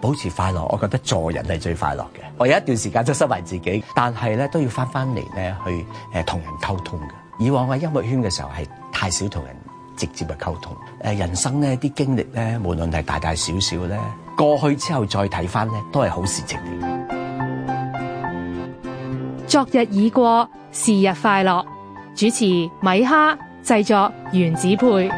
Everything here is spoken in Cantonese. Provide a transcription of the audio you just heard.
保持快樂，我覺得助人係最快樂嘅。我有一段時間都失為自己，但係咧都要翻翻嚟咧去誒同、呃、人溝通嘅。以往喺音樂圈嘅時候係太少同人直接去溝通、呃。人生呢啲經歷咧，無論係大大小小咧，過去之後再睇翻咧，都係好事情。昨日已過，是日快樂。主持米哈，製作原子配。